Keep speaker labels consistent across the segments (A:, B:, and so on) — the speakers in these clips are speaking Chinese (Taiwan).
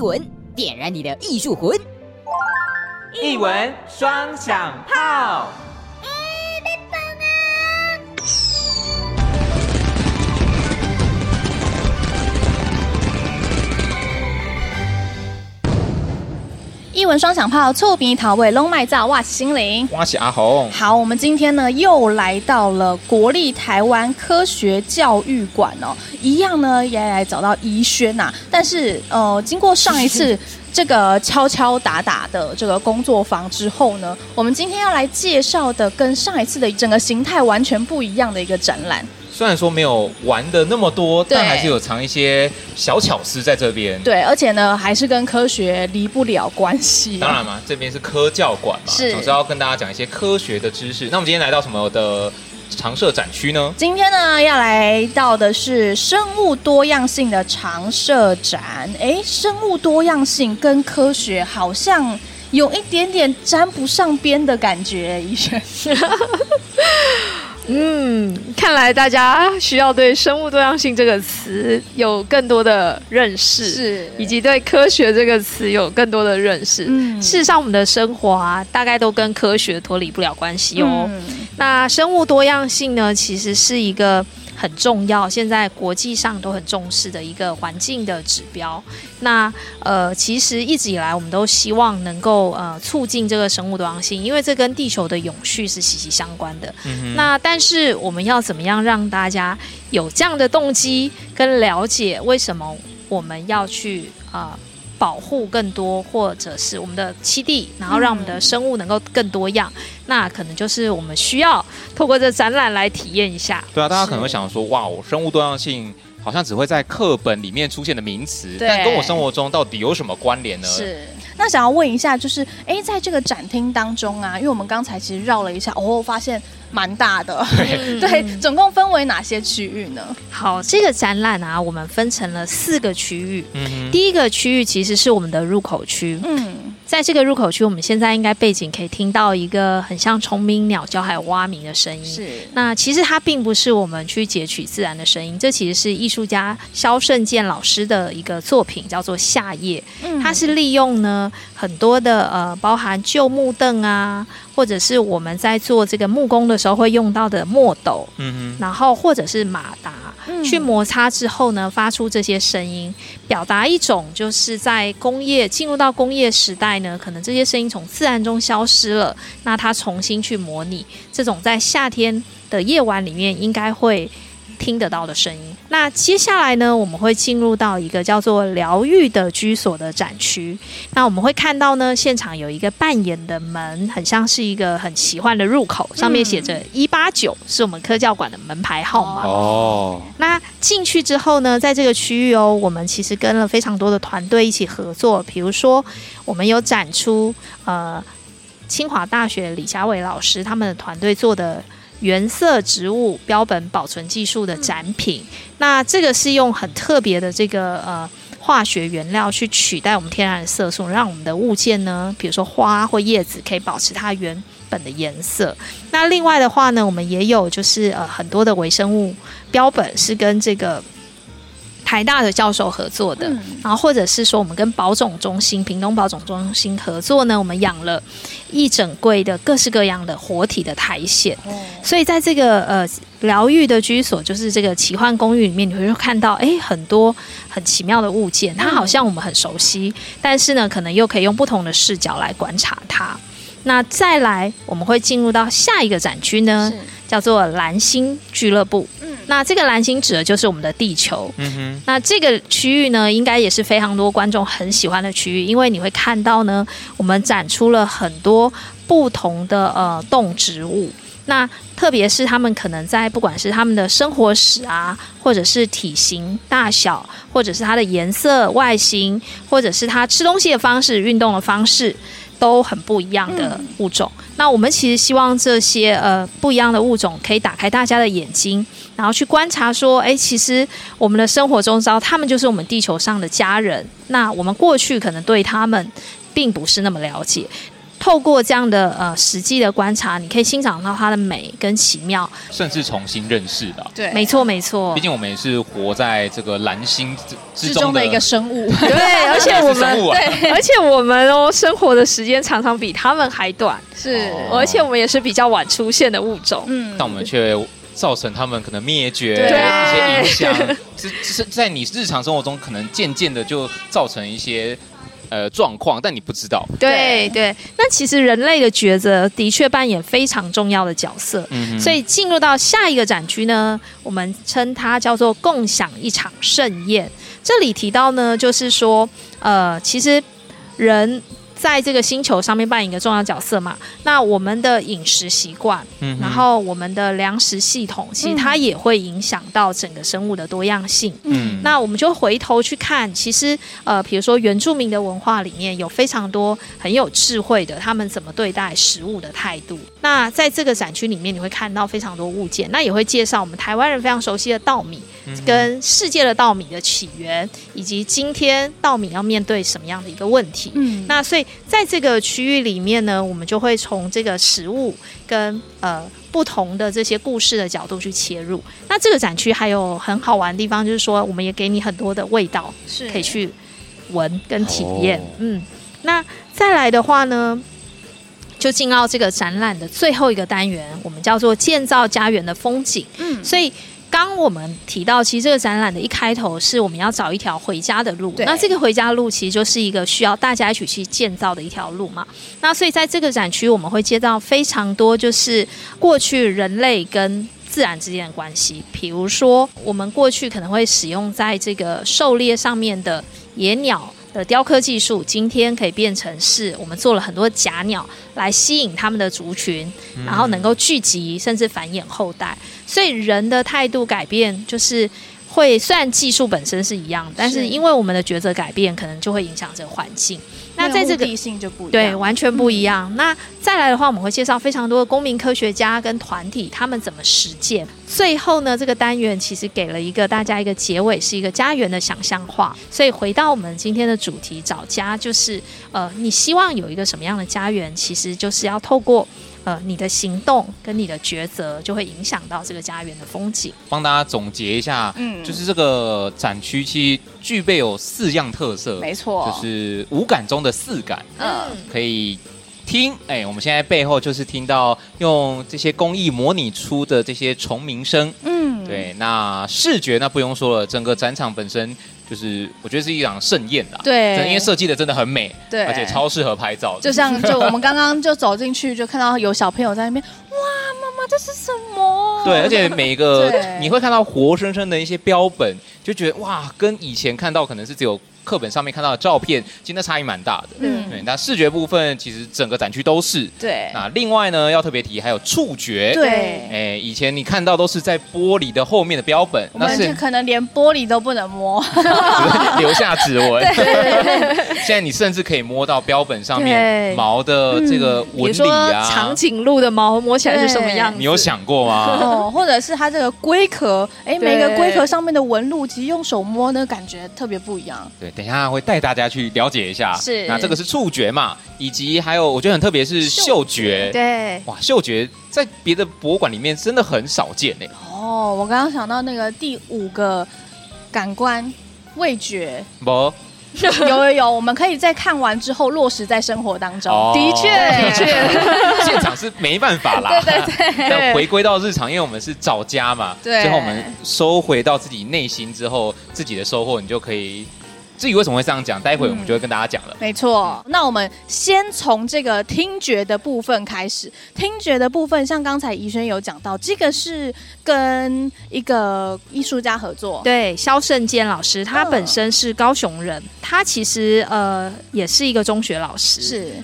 A: 藝文點燃你的藝術魂，
B: 藝文雙響炮。
C: 藝文雙響炮，臭餅櫻桃味龍脈灶哇西心靈，哇西阿紅。好，我們今天呢又來到了國立台灣科學教育館哦，一樣呢也來找到怡萱吶、啊，但是呃經過上一次。 這個敲敲打打的這個工作坊之後呢，我們今天要來介紹的跟上一次的整個形態完全不一樣的一個展覽。
B: 雖然說沒有玩的那麼多，對但還是有藏一些小巧思在這邊。
C: 對，而且呢，還是跟科學離不了關
B: 係。當然嘛，這邊是科教館嘛，是總是要跟大家講一些科學的知識。那我們今天來到什麼的？常設展區呢？
C: 今天呢，要來到的是生物多樣性的常設展。哎，生物多樣性跟科學好像有一點點沾不上邊的感覺，醫生。嗯，看來大家需要對生物多樣性這個詞
A: 有更多的認識，是，以及對科學這個詞有更多的認識。嗯，事實上，我們的生活啊，大概都跟科學脫離不了關係哦。嗯那生物多樣性呢，其實是一個很重要，現在國際上都很重視的一個環境的指標。那呃，其實一直以來，我們都希望能夠呃促進這個生物多樣性，因為這跟地球的永續是息息相關的。嗯哼。那但是我們要怎麼樣讓大家有這樣的動機跟了解，為什麼我們要去啊？呃保護更多，或者是我們的棲地，然後讓我們的生物能夠更多樣，嗯、那可能就是我們需要透過這展覽來體驗一下。對啊，大家可能會
B: 想說，是哇，我生物多樣性好像只會在課本裡面出現的名詞，對但跟我生活中到底有什麼關聯呢？是。
C: 那想要問一下，就是誒，在這個展廳當中啊，因為我們剛才其實繞了一下，哦，發現蠻大的， 對，嗯嗯，總共分為哪些區域呢？
A: 好，這個展覽啊，我們分成了四個區域。嗯嗯，第一
C: 個區域其實是
A: 我們的入口區。嗯。在這個入口區，我們現在應該背景可以聽到一個很像蟲鳴、鳥叫還有蛙鳴的聲音。是，那其實它並不是我們去截取自然的聲音，這其實是藝術家蕭聖健老師的一個作品，叫做《夏夜》，嗯、它是利用呢，很多的呃，包含舊木凳啊，或者是我們在做這個木工的時候會用到的墨斗，嗯嗯哼，然後或者是馬達，嗯，去摩擦之後呢，發出這些聲音，表達一種就是在工業進入到工業時代呢，可能這些聲音從自然中消失了，那它重新去模擬這種在夏天的夜晚裡面應該會聽得到的聲音。那接下來呢，我們會進入到一個叫做療癒的居所的展區。那我們會看到呢，現場有一個扮演的門，很像是一個很奇幻的入口，上面寫着，嗯，“一八九”是我們科教館的門牌號碼。
B: 哦。
A: 那進去之後呢，在這個區域哦，我們其實跟了非常多的團隊一起合作，比如說我們有展出呃清華大學李佳偉老師他們的團隊做的。原色植物標本保存技術的展品，那這個是用很特別的這個呃化學原料去取代我們天然的色素，讓我們的物件呢，比如說花或葉子，可以保持它原本的顏色。那另外的話呢，我們也有就是呃很多的微生物標本是跟這個。台大的教授合作的，然後或者是說我們跟保種中心、屏東保種中心合作呢，我們養了一整櫃的各式各樣的活體的苔蘚。哦、所以在這個呃療癒的居所，就是這個奇幻公寓裡面，你會看到誒很多很奇妙的物件，它好像我們很熟悉，哦、但是呢，可能又可以用不同的視角來觀察它。那再來，我們會進入到下一個展區呢，是叫做藍星俱樂部。嗯，那這個藍星指的就是我們的地球。嗯哼那這個區域呢，應該也是非常多觀眾很喜歡的區域，因為你會看到呢，我們展出了很多不同的呃動植物。那特別是他們可能在不管是他們的生活史啊，或者是體型大小，或者是它的顏色、外形，或者是它吃東西的方式、運動的方式。都很不一樣的物種。嗯、那我們其實希望這些呃不一樣的物種可以打開大家的眼睛，然後去觀察說，哎、欸，其實我們的生活中知道他們就是我們地球上的家人。那我們過去可能對他們並不是那麼了解。透過這樣的呃實際的觀察，你可以欣賞到它的美跟奇妙，
B: 甚至重新認識的。對，沒
A: 錯沒錯。畢竟
B: 我們也是活在這個藍星之中的一個生物，對，而且我們對，
A: 而且我們哦，生活的時間常常比他們還短，是，而且我們也是比較晚出現的物種，嗯，但我
B: 們卻造成他們可能滅絕的一些影響，是是在你日常生活中可能漸漸的就造成一些。呃，狀況，但你不知道。
A: 對對，那其實人類的抉擇的確扮演非常重要的角色。嗯哼，所以進入到下一個展區呢，我們稱它叫做“共享一場盛宴”。這裡提到呢，就是說，呃，其實人。在這個星球上面扮演一個重要角色嘛。那我們的飲食習慣，嗯哼，然後我們的糧食系統，其實它也會影響到整個生物的多樣性。嗯哼，那我們就回頭去看，其實呃，比如說原住民的文化裡面有非常多很有智慧的，他們怎麼對待食物的態度。那在這個展區裡面，你會看到非常多物件，那也會介紹我們台灣人非常熟悉的稻米，嗯、哼跟世界的稻米的起源，以及今天稻米要面對什麼樣的一個問題。嗯，那所以在這個區域裡面呢，我們就會從這個食物跟呃不同的這些故事的角度去切入。那這個展區還有很好玩的地方，就是說我們也給你很多的味道，是可以去聞跟體驗。哦、嗯，那再來的話呢，就進到這個展覽的最後一個單元，我們叫做“建造家園的風景”。嗯，所以剛我們提到，其實這個展覽的一開頭是我們要找一條回家的路。對那這個回家路其實就是一個需要大家一起去建造的一條路嘛。那所以在這個展區，我們會接到非常多，就是過去人類跟自然之間的關係，比如說我們過去可能會使用在這個狩獵上面的野鳥。的雕刻技術，今天可以變成是我們做了很多假鳥來吸引他們的族群，然後能夠聚集甚至繁衍後代。所以人的態度改變，就是會雖然技術本身是一樣的，但是因為我們的抉擇改變，可能就會影響這個環境。
C: 那在這個，性就不一樣。
A: 對，完全不一樣。嗯、那再來的話，我們會介紹非常多的公民科學家跟團體，他們怎麼實踐。最後呢，這個單元其實給了一個大家一個結尾，是一個家園的想象化。所以回到我們今天的主題，找家就是呃，你希望有一個什麼樣的家園？其實就是要透過。呃，你的行動跟你的抉擇就會影響到這個家園的風景。
B: 幫大家總結一下，嗯，就是這個展區其實具備有四樣特色，沒錯，就是五感中的四感，嗯，可以聽，哎，我們現在背後就是聽到用這些工藝模擬出的這些蟲鳴聲，
C: 嗯，對，
B: 那視覺那不用說了，整個展場本身。就是我覺得是一場盛宴啦，啊，對，因為設計的真的很美，對，而且超適合拍照。就像就我們
C: 剛剛就走進去就看到有小朋友在那邊， 哇，媽媽這
B: 是什麼？對，而且每一個對你會看到活生生的一些標本，就覺得哇，跟以前看到可能是只有。課本上面看到的照片，其實那差異蠻大的。嗯，對。那視覺部分，其實整個展區都是。對。那另外呢，要特別提還有觸覺。對。哎，以前你看到都是在玻璃的後面的標本，對那是可
C: 能連玻璃都不能摸，
B: 留下指紋。對現在你甚至可以摸到標本上面對毛的這個紋理啊，長
C: 頸鹿的毛摸起來是什麼樣
B: 子？你有想過嗎？
C: 哦，或者是它這個龜殼，哎，每個龜殼上面的紋路，其實用手摸呢，感覺特別不一樣。對。
B: 等一下會帶大家去了解一下，是那這個是觸覺嘛，以及還有我覺得很特別，是嗅覺，對，哇，嗅覺在別的博物館裡面真的很少見哎。
C: 哦，我剛剛想到那個第五個感官，味覺，不，有有有，我們可以在看完之後落實在生活當中，的確，的確，
B: 現場是沒辦法啦，對對對，回歸到日常，因為我們是找家嘛，對，最後我們收回到自己內心之後，自己的收穫，你就可以。至於為什麼會這樣講，待會兒我們就會跟大家講了。
C: 嗯、沒錯，那我們先從這個聽覺的部分開始。聽覺的部分，像剛才怡萱有講到，這個是跟一個藝術家合作，對，
A: 蕭勝健老師，他本身是高雄人，嗯、他其實呃也是一個中學老師。是。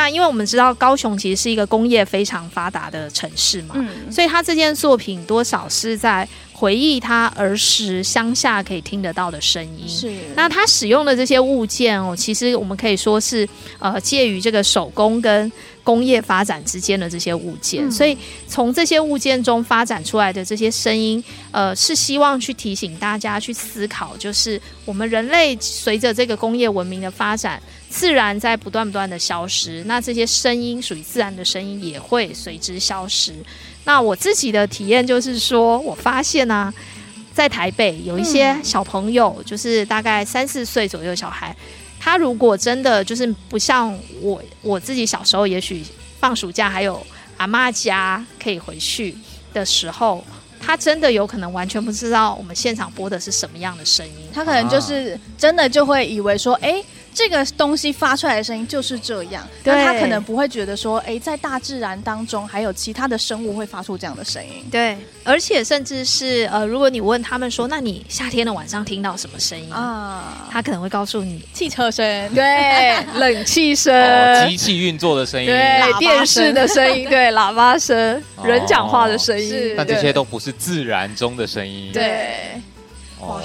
A: 那因為我們知道高雄其實是一個工業非常發達的城市嘛，嗯，所以他這件作品多少是在回憶他兒時鄉下可以聽得到的聲音。是，那他使用的這些物件哦，其實我們可以說是呃介於這個手工跟。工業發展之間的這些物件，嗯、所以從這些物件中發展出來的這些聲音，呃，是希望去提醒大家去思考，就是我們人類隨着這個工業文明的發展，自然在不斷不斷的消失，那這些聲音屬於自然的聲音也會隨之消失。那我自己的體驗就是說，我發現呢、啊，在台北有一些小朋友，嗯、就是大概三四歲左右的小孩。他如果真的就是不像我，我自己小時候，也許放暑假還有阿媽家可以回去的時候，他真的有可能完全不知道我們現場播的是什麼樣的聲音，啊、他可能就是
C: 真的就會以為說，哎、欸。這個東西發出來的聲音就是這樣，那他可能不會覺得說，哎，在大自然當中還有其他的生物會發出這樣的聲音。對，
A: 而且甚至是呃，如果你問他們說，那你夏天的晚上聽到什麼聲音啊？他可能會告訴你，汽車聲，對，冷氣聲，機器
B: 運作的聲音，對，
C: 電視的聲音，對，喇叭聲，人講話的聲音，是，但這些都
B: 不是自然中的聲音。對，哦。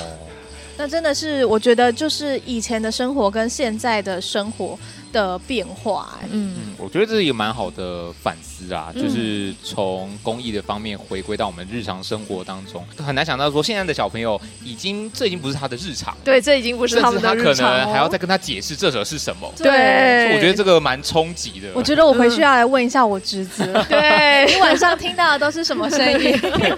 C: 那真的是，我覺得就是以前的生活跟現在的生活，的變化、欸，嗯，
B: 我覺得這是一個蠻好的反思啊，就是從公益的方面回歸到我們日常生活當中，很難想到說現在的小朋友已經這已經不是他的日常，
C: 對，這已經不是他的日常，哦，甚至他可能還
B: 要再跟他解釋這首是什麼，對，我覺得這個蠻衝擊的。我覺得我回去
C: 要來問一下我侄子， 對，你晚上聽到的都是什麼聲
B: 音？哎、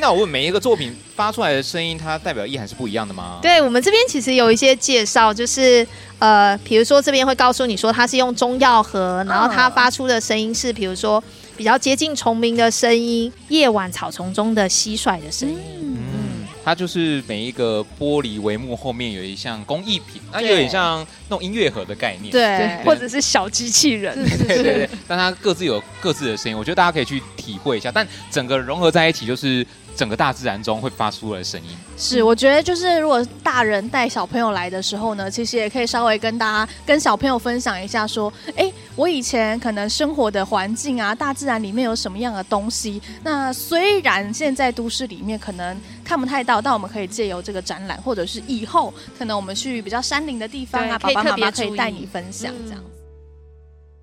B: 欸，那我問每一個作品發出來的聲音，它代表意涵是不一樣的嗎？
C: 對，我們這
A: 邊其實有一些介紹，就是呃，比如說這邊會告訴你。說它是用中藥盒，然後它發出的聲音是，比如說比較接近蟲鳴的聲音，夜晚草叢中的蟋蟀的聲音。
B: 嗯，它就是每一個玻璃帷幕後面有一項工藝品，那有點像弄音樂盒的概念，對，對或者
A: 是小機器
B: 人，對對對，但它各自有各自的聲音，我覺得大家可以去體會一下，但整個融合在一起就是。整個大自然中會發出的聲音是，
C: 我覺得就是如果大人帶小朋友來的時候呢，其實也可以稍微跟大家、跟小朋友分享一下，說，哎，我以前可能生活的環境啊，大自然裡面有什麼樣的東西。那雖然現在都市裡面可能看不太到，但我們可以借由這個展覽，或者是以後可能我們去比較山林的地方啊，可以特別注意。爸爸媽媽可以帶你分享這樣。嗯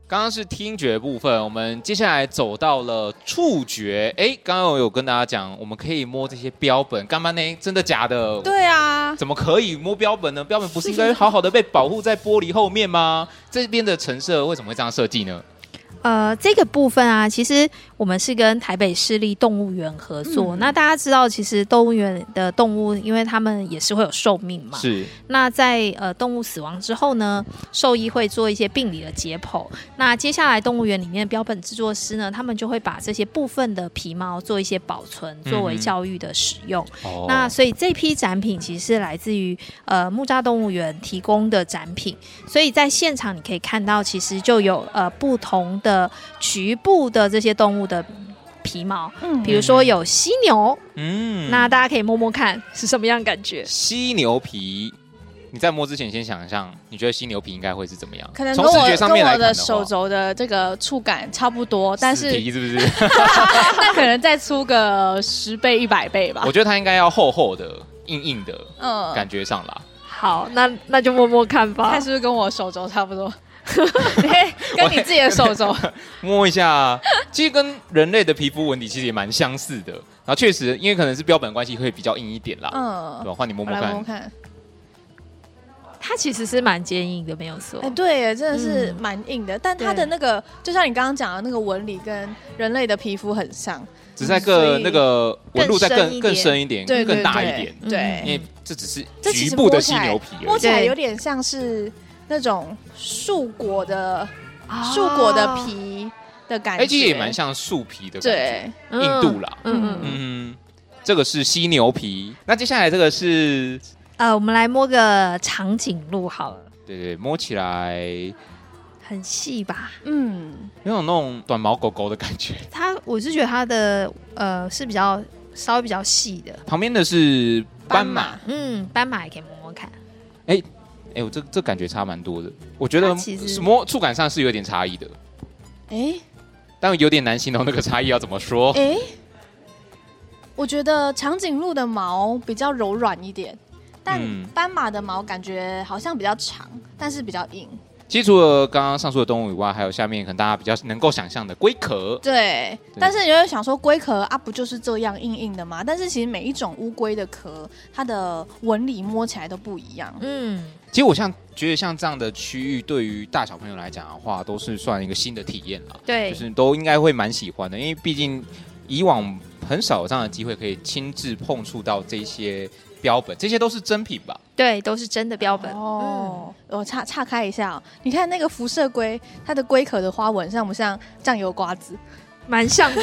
B: 剛剛是聽覺的部分，我們接下來走到了觸覺。誒，剛剛我有跟大家講，我們可以摸這些標本。幹嘛呢？真的假的？
C: 對啊，
B: 怎麼可以摸標本呢？標本不是應該好好的被保護在玻璃後面嗎？這邊的陳設為什麼會這樣設計呢？
A: 呃，這個部分啊，其實我們是跟台北市立動物園合作。嗯、那大家知道，其實動物園的動物，因為他們也是會有壽命嘛。是。那在呃動物死亡之後呢，獸醫會做一些病理的解剖。那接下來動物園裡面的標本製作師呢，他們就會把這些部分的皮毛做一些保存，作為教育的使用。嗯、哼那所以這批展品其實是來自於呃木柵動物園提供的展品。所以在現場你可以看到，其實就有呃不同。的局部的這些動物的皮毛，嗯，比如說有犀牛，嗯，那大家可以摸摸看是什麼樣感
B: 覺。犀牛皮，你在摸之前先想一下，你覺得犀牛皮應該會是怎麼樣？可能從視覺上面來看的話，跟我的
C: 手肘的這個觸感差不多，但是是不是？那可能再粗個十倍、一百倍吧。我覺得它
B: 應該要厚厚的、硬硬的，嗯、呃，感覺上啦。
C: 好，那那就摸摸看吧， 看是不是跟我手肘差不多。
B: 跟你自己的手中，摸一下，其實跟人類的皮膚紋理其實也蠻相似的。然後確實，因為可能是標本關係會比較硬一點啦。嗯，換你摸摸看。來摸摸看，
C: 它其實是蠻堅硬的，沒有錯。哎，對，真的是蠻硬的。但它的那個，就像你剛剛講的那個紋理，跟人類的皮膚很像。只在個那個紋路在更更深一點，對，更大一點。對，因為這只是局部的犀牛皮，摸起來有點像是。那種樹果的樹果的皮的感覺，其實、哦欸、也蠻
B: 像樹皮的感覺，對嗯、印度啦。嗯嗯，嗯，這個是犀牛皮。那接下來這個是
A: 呃，我們來摸個長頸鹿好了。
B: 對對，摸起來
A: 很細吧？
B: 嗯，有種那種短毛狗狗的感覺。
A: 它，我是覺得它的呃是比較稍微比較細的。的呃、細
B: 的旁邊的是斑馬，斑
A: 馬，嗯，斑馬也可以摸摸看。哎、
B: 欸。哎，我這這感覺差蠻多的。我覺得摸觸感上是有點差異的。
C: 哎誒，
B: 但有點難形容那個差異要怎麼說？哎，
C: 我覺得長頸鹿的毛比較柔軟一點，但斑馬的毛感覺好像比較長，但是比較硬。
B: 其實除了剛剛上述的動物以外，還有下面可能大家比較能夠想象的龜殼。對，
C: 對，但是有人想說龜殼啊，不就是這樣硬硬的嗎？但是其實每一種烏龜的殼，它的紋理摸起來都不一樣。嗯。
B: 其實我像覺得像這樣的區域，對於大小朋友來講的話，都是算一個新的體驗了。對，就是都應該會蠻喜歡的，因為畢竟以往很少有這樣的機會可以親自碰觸到這些標本。這些都是真品吧？
C: 對，都是真的標本。哦、嗯，我岔岔開一下、哦，你看那個輻射龜，它的龜殼的花紋像不像醬油瓜子？蠻像的。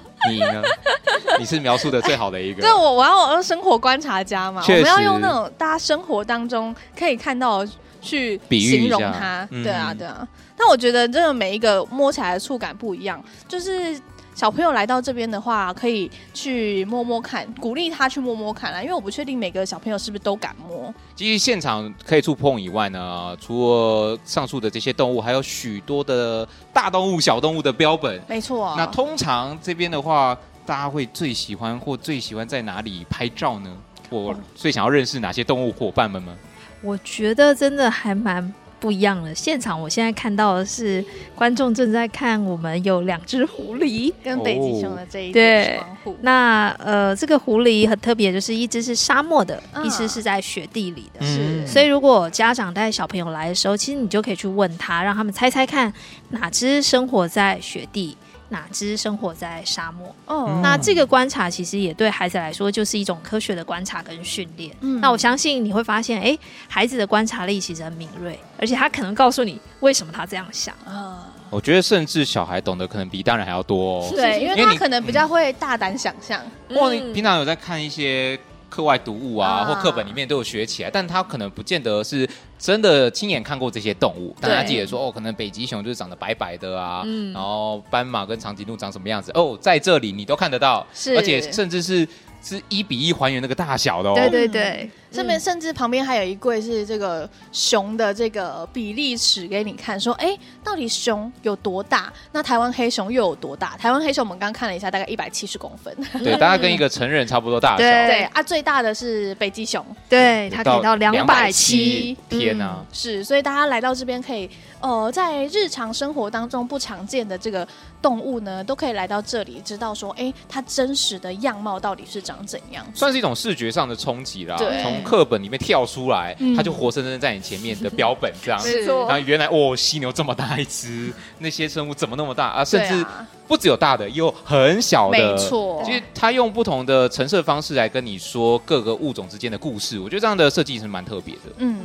B: 你呢， 你是描述的最好的一個。對、哎，我
C: 要我要用生活觀察家嘛，確實，我們要用那種大家生活當中可以看到的去形容它。嗯、對啊，對啊。但我覺得，真的每一個摸起來的觸感不一樣，就是。小朋友來到這邊的話，可以去摸摸看，鼓勵他去摸摸看啦，因為我不確定每個小朋友是不是都敢摸。
B: 其實現場可以觸碰以外呢，除了上述的這些動物，還有許多的大動物、小動物的標本。
C: 沒錯，那通
B: 常這邊的話，大家會最喜歡或最喜歡在哪裡拍照呢？我最想要認識哪些動物夥伴們嗎？
A: 我覺得真的還蠻。不一樣了，現場我現在看到的是觀眾正在看我們有兩隻狐狸跟北極熊的這一、哦、對那呃，這個狐狸很特別，就是一隻是沙漠的，啊、一隻是在雪地裡的。是，所以如果家長帶小朋友來的時候，其實你就可以去問他，讓他們猜猜看哪隻生活在雪地。哪隻生活在沙漠？哦，那這個觀察其實也對孩子來說就是一種科學的觀察跟訓練。嗯，那我相信你會發現，哎、欸，孩子的觀察力其實很敏銳，而且他可能告訴你為什麼他這樣想。
B: 啊、哦，我覺得甚至小孩懂得可能比大人還要多、哦。是是是是。對，因為他可能比較
C: 會大膽想象。嗯、哇，你平
B: 常有在看一些？課外讀物啊，或課本裡面都有學起來，啊、但他可能不見得是真的親眼看過這些動物。對但他記得說，哦，可能北極熊就是長得白白的啊，嗯、然後斑馬跟長頸鹿長什麼樣子？哦，在這裡你都看得到，是而且甚至是是一比一還原那個大小的哦。對對
C: 對。嗯。嗯、這邊甚至旁邊還有一櫃是這個熊的這個比例尺，給你看說，哎、欸，到底熊有多大？那台灣黑熊又有多大？台灣黑熊我們剛剛看了一下，大概一百七十公分。對，嗯、大概跟一個
B: 成人差不多大小。對,對
C: 啊，最大的是北極熊，對，它可以到兩百七，
B: 天吶、啊嗯，
C: 是，所以大家來到這邊可以，呃，在日常生活當中不常見的這個動物呢，都可以來到這裡，知道說，哎、欸，它真實的樣貌到底是長怎樣？算是
B: 一種視覺上的衝擊啦，對。對課本裡面跳出來，嗯、他就活生生在你前面的標本這樣。 錯然後原來哦，犀牛這麼大一只，那些生物怎麼那麼大啊？甚至不只有大的，也有很小的。沒錯，其實他用不同的陳設方式來跟你說各個物種之間的故事，我覺得這樣的設計是蠻特別的。嗯，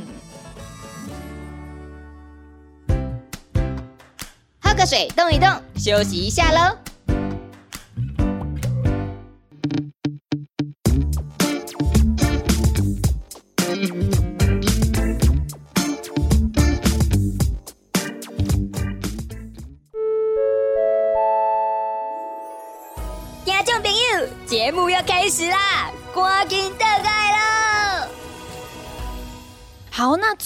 A: 喝個水，動一動，休息一下嘍。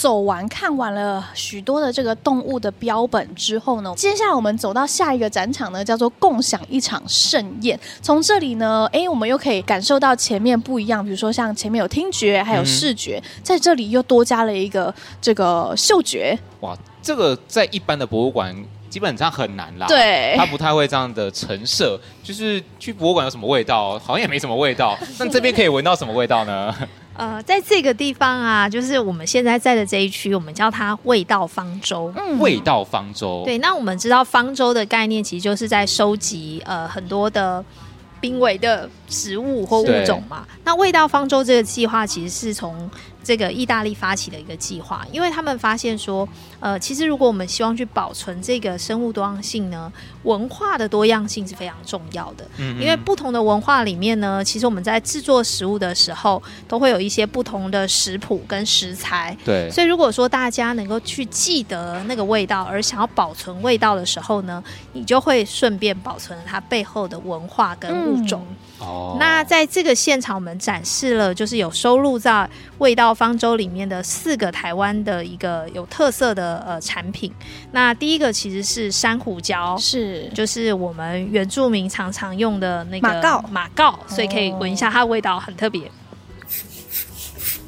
C: 走完看完了許多的這個動物的標本之後呢，接下來我們走到下一個展場呢，叫做“共享一場盛宴”。從這裡呢，哎，我們又可以感受到前面不一樣，比如說像前面有聽覺，還有視覺，嗯、在這裡又多加了一個這個嗅覺。
B: 哇，這個在一般的博物館基本上很難啦，對，他不太會這樣的陳設。就是去博物館有什麼味道，好像也沒什麼味道。那這邊可以聞到什麼味道呢？
A: 呃，在這個地方啊，就是我們現在在的這一區，我們叫它“味道方舟”。嗯，味
B: 道方舟。對，那
A: 我們知道方舟的概念，其實就是在收集呃很多的瀕危的食物或物種嘛。是那“味道方舟”這個計劃，其實是從。這個意大利發起的一個計劃，因為他們發現說，呃，其實如果我們希望去保存這個生物多樣性呢，文化的多樣性是非常重要的。嗯，嗯，因為不同的文化裡面呢，其實我們在制作食物的時候，都會有一些不同的食譜跟食材。對，所以如果說大家能夠去記得那個味道，而想要保存味道的時候呢，你就會順便保存了它背後的文化跟物種。哦，嗯、那在這個現場，我們展示了就是有收錄在味道方舟裡面的四個台灣的一個有特色的呃產品，那第一個其實是山胡椒，是就是我們原住民常常用的那個馬告馬告，所以可以聞一下它的味道很特別。哦、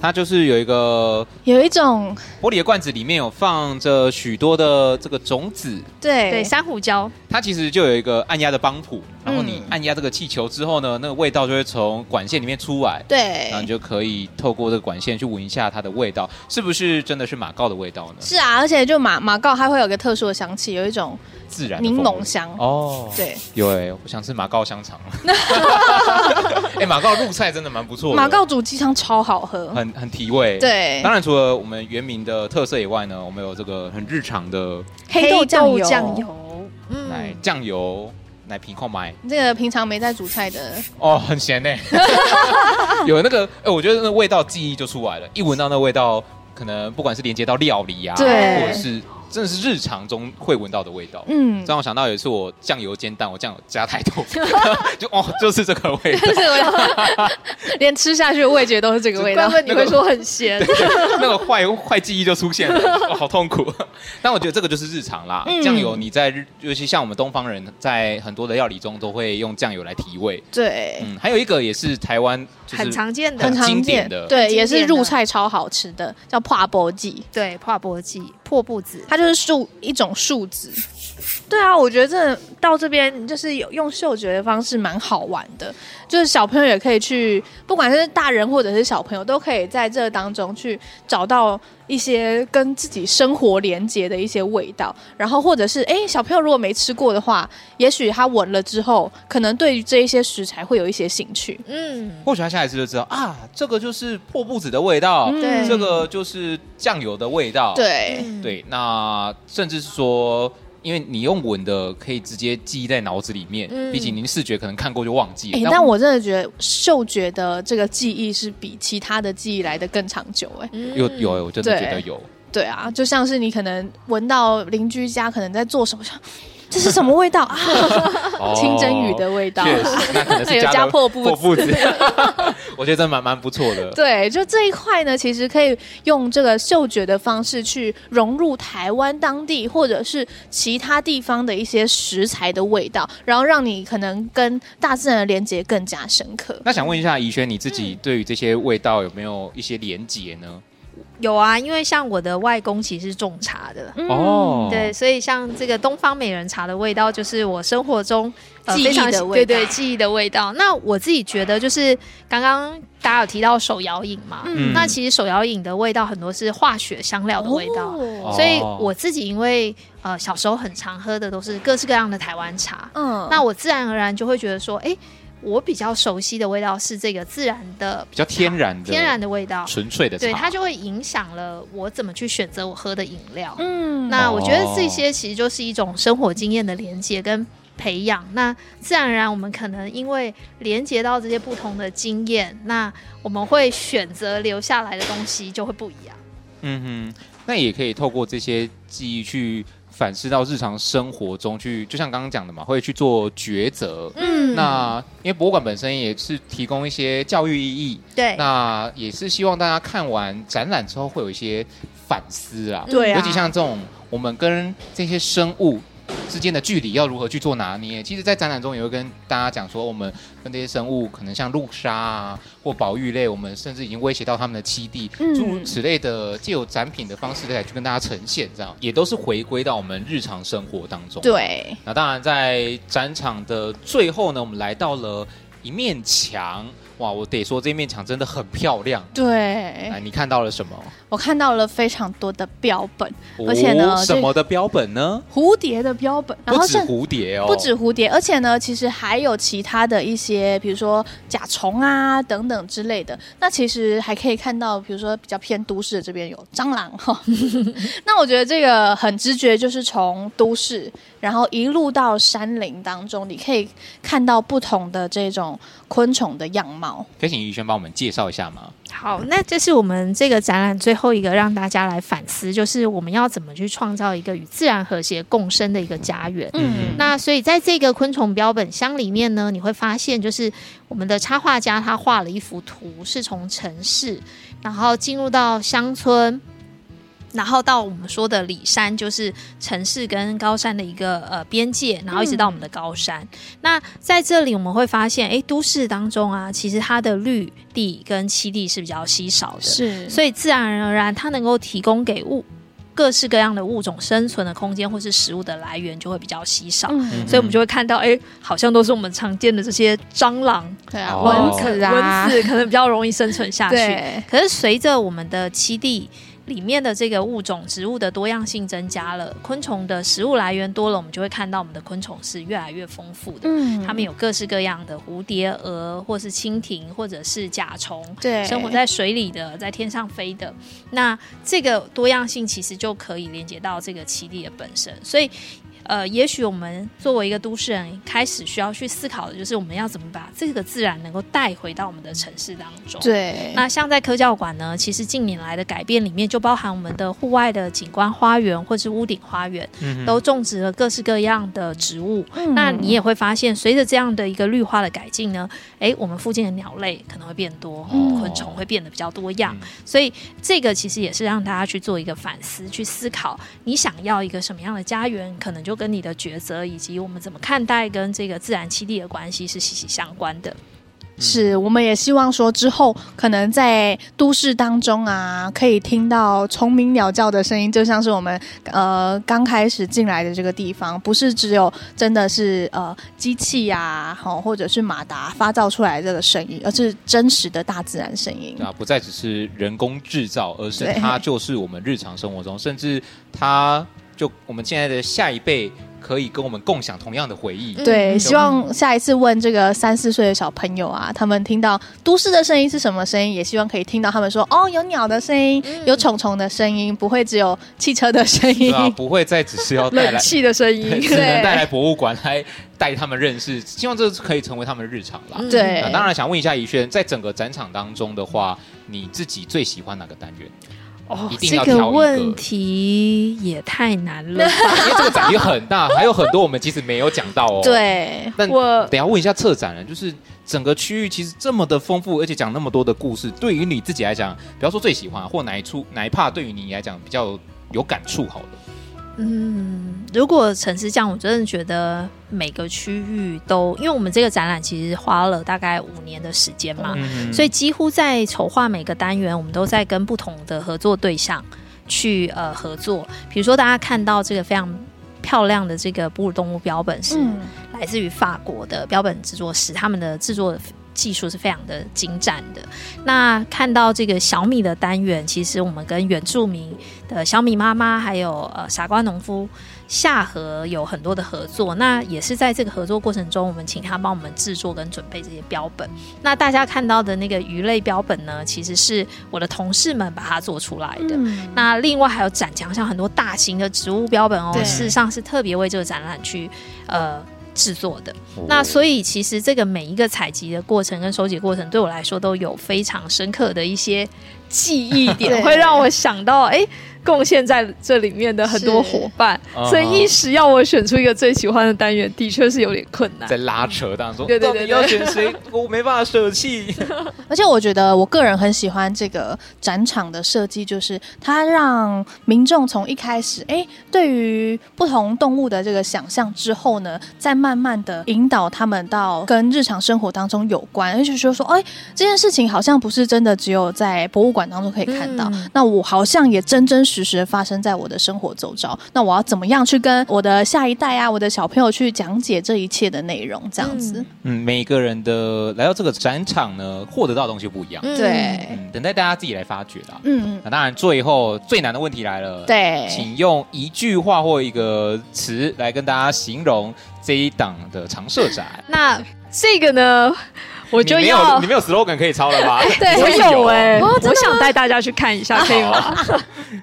B: 它就是有一個有一種玻璃的罐子，裡面有放着許多的這個種子。
C: 對對，山胡椒。
B: 它其實就有一個按壓的幫浦，然後你按壓這個氣球之後呢，那個味道就會從管線裡面出來，對，然後你就可以透過這個管線去聞一下它的味道，是不是真的是馬告的味道呢？
C: 是啊，而且就馬馬告它會有一個特殊的香氣，有一種自然檸檬香
B: 哦，對，有哎、欸，我想吃馬告香腸哎、 欸，馬告入菜真的蠻不錯的，馬告
C: 煮雞湯超好喝，
B: 很很提味，對，當然除了我們原民的特色以外呢，我們有這個很日常的黑
C: 豆醬油。醬
B: 油，奶醬、嗯、油，奶皮控買。
C: 這個平常沒在煮菜的
B: 哦，很鹹呢。 有那個，哎、欸，我覺得那味道記憶就出來了，一聞到那個味道，可能不管是連接到料理呀、啊，對，或者是。真的是日常中會聞到的味道，嗯，讓我想到有一次我醬油煎蛋，我醬油加太多， 就哦，就是這個味道，
C: 連吃下去的味覺都是這個味道。不然、 那個、你會說很鹹，
B: 那個壞壞記憶就出現了， 哦、好痛苦。 但我覺得這個就是日常啦，醬、嗯、油你在，尤其像我們東方人在很多的料理中都會用醬油來提味。對，嗯，還有一個也是台灣很常見的、很經典的常見，對，也是
C: 入菜超好吃的，叫破布劑。對，破布劑、破布子，就是數一種數字。對啊，我覺得這到這邊就是有用嗅覺的方式蠻好玩的，就是小朋友也可以去，不管是大人或者是小朋友，都可以在這當中去找到一些跟自己生活連接的一些味道，然後或者是哎，小朋友如果沒吃過的話，也許他聞了之後，可能對於這一些食材會有一些興趣，嗯，
B: 或許他下一次就知道啊，這個就是破布子的味道，對、嗯，這個就是醬油的味道，對對，那甚至是說。因為你用聞的可以直接記憶在腦子裡面，畢、嗯、竟您視覺可能看過就忘記了。欸、但我真
C: 的覺得嗅覺的這個記憶是比其他的記憶來得更長久哎、欸。嗯、有
B: 有，我真的覺得有
C: 對。對啊，就像是你可能聞到鄰居家可能在做什麼。 這是什麼味道啊？ 清蒸魚的味道，哦啊，那可能是加， 還有加破布子、破布子
B: 我覺得蠻蠻不錯的。 對，
C: 就這一塊呢，其實可以用這個嗅覺的方式去融入台灣當地或者是其他地方的一些食材的味道，然後讓你可能跟大自然的連接更加深刻。那想問一
B: 下怡萱，你自己對於這些味道有沒有一些連結呢？嗯
A: 有啊，因為像我的外公其實種茶的，嗯、哦，對，所以像這個東方美人茶的味道，就是我生活中、呃、記憶的對對，記憶的味道。那我自己覺得，就是剛剛大家有提到手搖飲嘛、嗯嗯，那其實手搖飲的味道很多是化學香料的味道，哦、所以我自己因為呃小時候很常喝的都是各式各樣的台灣茶，嗯，那我自然而然就會覺得說，哎、欸。我比較熟悉的味道是這個自然的，比較
B: 天然的，天然的味道，純粹的，對，它
A: 就會影響了我怎麼去選擇我喝的飲料。嗯，那我覺得這些其實就是一種生活經驗的連接跟培養。哦、那自然而然，我們可能因為連接到這些不同的經驗，那我們會選擇留下來的東西就會不一樣。
B: 嗯哼，那也可以透過這些記憶去。反思到日常生活中去，就像剛剛講的嘛，會去做抉擇。嗯，那因為博物館本身也是提供一些教育意義，對，那也是希望大家看完展覽之後會有一些反思啊。對，尤其像這種，我們跟這些生物。之間的距離要如何去做拿捏？其實，在展覽中也會跟大家講說，我們跟這些生物，可能像鹿鯊啊或保育類，我們甚至已經威脅到他們的棲地，諸如、嗯、此類的，藉由展品的方式來去跟大家呈現，這樣也都是回歸到我們日常生活當中。對，那當然在展場的最後呢，我們來到了。一面牆，哇！我得說，這面牆真的很漂亮啊。
C: 對，哎，你
B: 看到了什麼？
C: 我看到了非常多的標本，哦，而且呢，什麼
B: 的標本呢？
C: 蝴蝶的標本，然後不止蝴蝶哦，不止蝴蝶，而且呢，其實還有其他的一些，比如說甲蟲啊等等之類的。那其實還可以看到，比如說比較偏都市的這邊有蟑螂哈。呵呵 那我覺得這個很直覺，就是從都市，然後一路到山林當中，你可以看到不同的這種。昆蟲的樣貌，
B: 可以請於軒幫我們介紹一下嗎？
C: 好，那這是我們這個展覽最
A: 後一個讓大家來反思，就是我們要怎麼去創造一個與自然和諧共生的一個家園。嗯哼，那所以在這個昆蟲標本箱裡面呢，你會發現，就是我們的插畫家他畫了一幅圖，是從城市，然後進入到鄉村。然後到我們說的裡山，就是城市跟高山的一個呃邊界，然後一直到我們的高山。嗯、那在這裡我們會發現，哎，都市當中啊，其實它的綠地跟棲地是比較稀少的，是，所以自然而然它能夠提供給物各式各樣的物種生存的空間或是食物的來源就會比較稀少，嗯、所以我們就會看到，哎，好像都是我們常見的這些蟑螂、對啊、哦、蚊子啊，蚊子可能比較容易生存下去。對可是隨着我們的棲地。裡面的這個物種、植物的多樣性增加了，昆蟲的食物來源多了，我們就會看到我們的昆蟲是越來越豐富的。嗯，它們有各式各樣的蝴蝶、蛾，或是蜻蜓，或者是甲蟲，對，生活在水裡的，在天上飛的。那這個多樣性其實就可以連接到這個棲地的本身，所以。呃，也許我們作為一個都市人，開始需要去思考的就是，我們要怎麼把這個自然能夠帶回到我們的城市當中。對。那像在科教館呢，其實近年來的改變裡面，就包含我們的戶外的景觀花園，或是屋頂花園，嗯、哼都種植了各式各樣的植物。嗯哼。那你也會發現，隨着這樣的一個綠化的改進呢，哎、欸，我們附近的鳥類可能會變多，嗯、昆蟲會變得比較多樣。嗯、所以，這個其實也是讓大家去做一個反思，去思考你想要一個什麼樣的家園，可能就。都跟你的抉擇以及我們怎麼看待跟這個自然棲地的關係是息息相關的。嗯、
C: 是，我們也希望說之後可能在都市當中啊，可以聽到蟲鳴鳥叫的聲音，就像是我們呃剛開始進來的這個地方，不是只有真的是呃機器呀、啊，好、哦、或者是馬達發造出來的這個聲音，而是真實的大自然聲音。
B: 啊，不再只是人工制造，而是它就是我們日常生活中，對甚至它。就我們現在的下一輩可以跟我們共享同樣的回憶，對，對以希望
C: 下一次問這個三四歲的小朋友啊，他們聽到都市的聲音是什麼聲音，也希望可以聽到他們說哦，有鳥的聲音，有蟲蟲的聲音，嗯、不會只有汽車的聲音，啊、
B: 不會再只是要帶來 氣的聲音，只能帶來博物館來帶他們認識。對希望這可以成為他們的日常吧。對，當然想問一下怡萱，在整個展場當中的話，你自己最喜歡哪個單元？
A: 哦，一定要挑一個，個問題也太難了， 因
B: 為這個展廳很大， 還有很多我們其實沒有講到哦。對，
C: 但等一
B: 下問一下策展人，就是整個區域其實這麼的豐富，而且講那麼多的故事，對於你自己來講，比方說最喜歡，或哪一處哪一趴，對於你來講比較有感觸，好了。
A: 嗯，如果城市這樣，我真的覺得每個區域都，因為我們這個展覽其實花了大概五年的時間嘛，嗯、所以幾乎在籌劃每個單元，我們都在跟不同的合作對象去呃合作。比如說，大家看到這個非常漂亮的這個哺乳動物標本，是來自於法國的標本製作師，他們的製作。技術是非常的精湛的。那看到這個小米的單元，其實我們跟原住民的小米媽媽，還有呃傻瓜農夫夏河有很多的合作。那也是在這個合作過程中，我們請他幫我們制作跟準備這些標本。那大家看到的那個魚類標本呢，其實是我的同事們把它做出來的。嗯、那另外還有展牆上很多大型的植物標本哦，對事實上是特別為這個展覽去呃。製作的那，所以其實這個每一個採集的過程跟收集的過程，對我來說都有非常深刻的一些記憶點， 對會讓我想到哎。誒貢獻在這裡面的很多夥伴，是所以一時要我選出
C: 一個最喜歡的單元，是的確是有點困難。在
B: 拉扯當中，對對對對，要選誰， 我沒辦法舍棄。
C: 而且我覺得我個人很喜歡這個展場的設計，就是它讓民眾從一開始，哎，對於不同動物的這個想象之後呢，再慢慢的引導他們到跟日常生活當中有關，而且說說，哎，這件事情好像不是真的只有在博物館當中可以看到，嗯、那我好像也真真事實發生在我的生活周遭，那我要怎麼樣去跟我的下一代啊，我的小朋友去講解這一切的內容？這樣子，
B: 嗯，嗯，每個人的來到這個展場呢，獲得到的東西不一樣，對、嗯嗯，等待大家自己來發掘啦。嗯，那當然，最後最難的問題來了，對，請用一句話或一個詞來跟大家形容這一檔的常設展。
A: 那這個呢？
B: 我就你沒有，你沒有 slogan 可以抄了吧？ 對 我有哎、欸，我，有我想
A: 帶大家去看一下這個。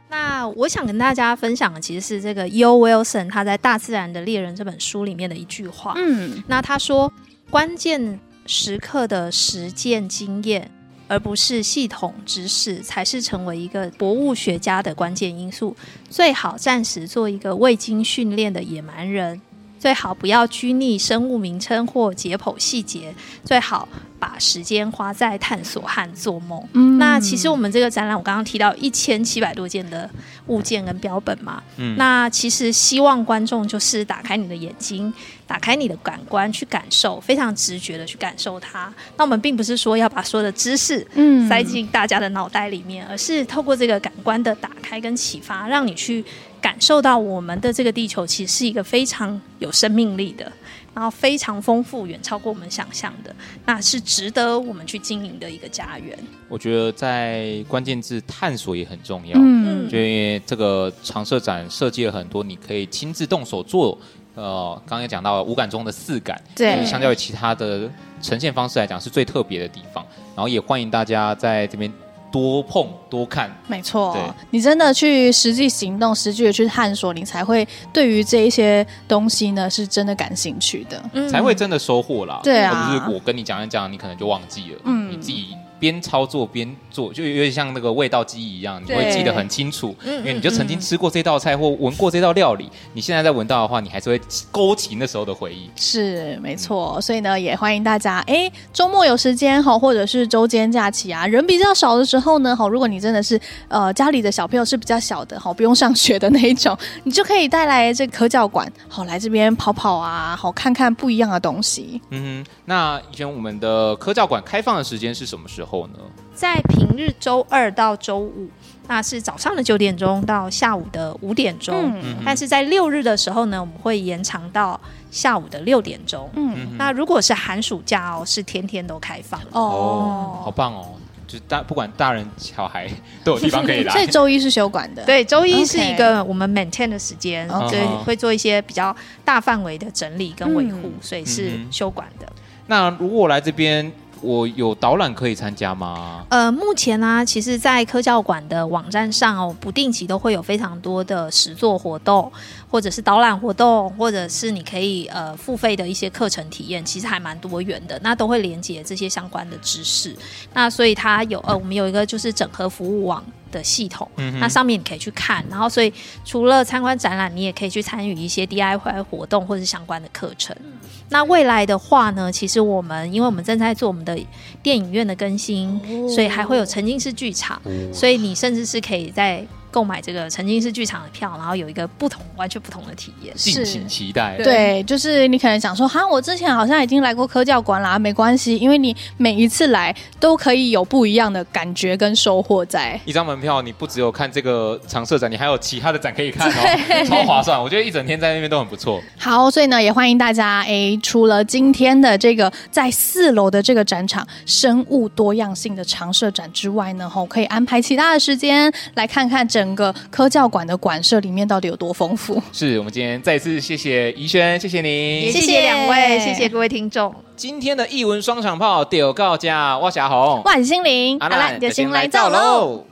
A: 那我想跟大家分享的其實是這個 E.O. Wilson 他在《大自然的獵人》這本書裡面的一句話。嗯，那他說，關鍵時刻的實踐經驗，而不是系統知識，才是成為一個博物學家的關鍵因素。最好暫時做一個未經訓練的野蠻人。最好不要拘泥生物名稱或解剖細節，最好把時間花在探索和做夢。嗯，那其實我們這個展覽，我剛剛提到一千七百多件的。物件跟標本嘛，嗯、那其實希望觀眾就是打開你的眼睛，打開你的感官去感受，非常直覺的去感受它。那我們並不是說要把所有的知識嗯塞進大家的腦袋裡面，嗯、而是透過這個感官的打開跟啟發，讓你去感受到我們的這個地球其實是一個非常有生命力的，然後非常豐富，遠超過我們想象的，那是值得我們去經營的一個家園。
B: 我覺得在關鍵字探索也很重要，嗯，因為這個常設展設計了很多，你可以親自動手做。呃，剛剛也講到了五感中的四感，對，相較於其他的呈現方式來講，是最特別的地方。然後也歡迎大家在這邊多碰多看。
C: 沒錯，對你真的去實際行動，實際的去探索，你才會對於這一些東西呢，是真的感興趣的，嗯，才會
B: 真的收穫啦。對啊，而不是我跟你講一講，你可能就忘記了，嗯，你自己。邊操作邊做，就有點像那個味道記憶一樣，你會記得很清楚。對因為你就曾經吃過這道菜，嗯嗯嗯，或聞過這道料理，你現在在聞到的話，你還是會勾起那時候的回憶。
C: 是，沒錯。嗯、所以呢，也歡迎大家，哎、欸，周末有時間好，或者是周間假期啊，人比較少的時候呢，好，如果你真的是呃家裡的小朋友是比較小的好，不用上學的那一種，你就可以帶來這科教館，好來這邊跑跑啊，好看看不一樣的東西。嗯
B: 哼，那以前我們的科教館開放的時間是什麼時候？後
C: 呢，在平日周二到周五，那是
A: 早上的九點鐘到下午的五點鐘。嗯，但是在六日的時候呢，我們會延長到下午的六點鐘。嗯，那如果是寒暑假哦，是天天都開放哦。哦，
B: 好棒哦！就大不管大人小孩都有地方可以來。所以 周
A: 一是休館的，對，周一是一個我們 maintain 的時間，所以 Okay. 會做一些比較大範圍的整理跟維護，嗯，所以是休館的，嗯。
B: 那如果我來這邊，我有導覽可以參加嗎？
A: 呃，目前呢，啊，其實，在科教館的網站上哦，不定期都會有非常多的實作活動，或者是導覽活動，或者是你可以呃付費的一些課程體驗，其實還蠻多元的。那都會連接這些相關的知識。那所以它有呃，我們有一個就是整合服務網的系統，嗯、哼那上面你可以去看，然後所以除了參觀展覽，你也可以去參與一些 DIY 活動或者相關的課程。那未來的話呢，其實我們因為我們正在做我們的電影院的更新，哦、所以還會有沉浸式劇場，哦、所以你甚至是可以在。購買這個曾經是劇場的票，然後有一個不同、完全不同的體驗，敬
B: 請期待。
C: 對，就是你可能想說，哈，我之前好像已經來過科教館啦、啊，沒關係，因為你每一次來都可以有不一樣的感覺跟收穫在。
B: 一張門票，你不只有看這個常設展，你還有其他的展可以看哦，對超划算。我覺得一整天在那邊都很不錯。
C: 好，所以呢，也歡迎大家。哎，除了今天的這個在四樓的這個展場生物多樣性的常設展之外呢，吼，可以安排其他的時間來看看整。整個科教館的館舍裡面到底有多豐富？
B: 是我們今天，再次謝謝怡萱，謝謝您，謝謝兩位，謝謝各位聽眾。今天的藝文雙響炮，屌告家，挖霞紅，萬
C: 心玲，阿南嘞就先
B: 來走嘍。